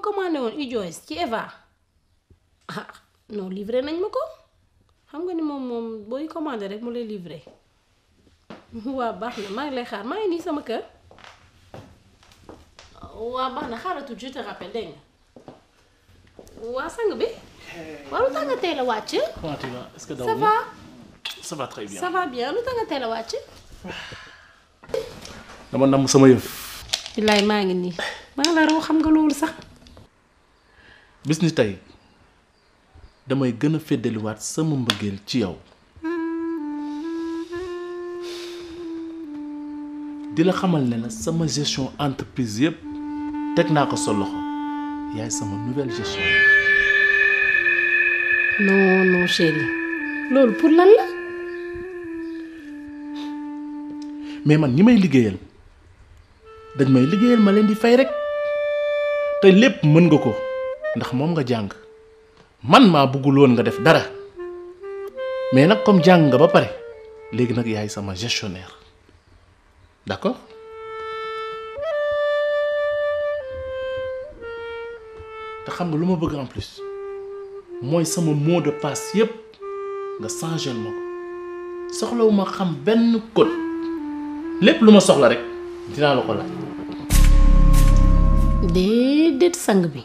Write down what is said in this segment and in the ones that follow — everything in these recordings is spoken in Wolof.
commandé woon UJOS ci Eva ah non livré nañ mako xam nga ni mom mom boy commandé rek mou lay livré wa baax na maa ngi lay xaar ma ngi ni sama keur wa baax na xaaratul je te rappelle deng wa sang bi waa lu tax nga teel a comment tu vas est-ce que ça va. ça va très bien ça va bien lu tanga nga la wacc dama nam sama yeuf billahi ma ngi ni ma la ro xam nga loolu sax. bis ni damay gën a féddaliwaat sama mbëggeel ci yow di la xamal ne la sama gestion entreprise yëpp teg naa ko sa loxo yaay sama nouvelle gestion non non chérie loolu pour lan la mais man ñi may liggéeyal dañ may liggéeyal ma leen di fay rek te lépp mën nga ko ndax moom nga jàng man maa bëggul nga def dara mais nag comme jàng ba pare léegi nag yaay sama gestionnaire d'accord te xam nga lu ma bëgg en plus mooy sama mot de passe yépp nga changé ma ko soxlawu xam benn code lépp lu ma soxla rek dinaa la ko laaj bi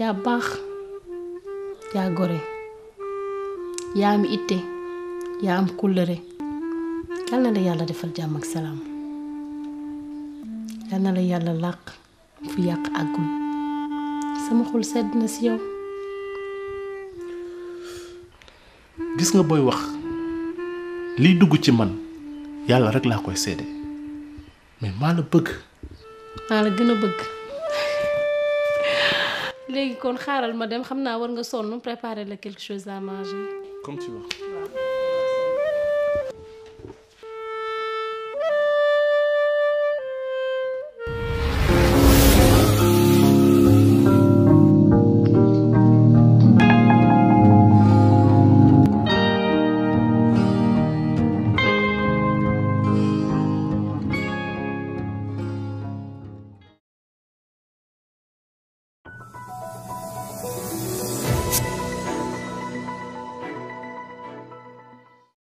yaa baax yaa gore yaa am itte yaa am kóllëre yal na la yàlla defal jàmm ak salaam yal na la yàlla làq fu yàq àggul sama xol sedd na si yow gis nga booy wax liy dugg ci man yàlla rek laa koy seede mais maa la bëgg maa la gën a bëgg léegi kon xaaral ma dem xamna war nga sonn préparer la quelque chose à manger. comme tu veux.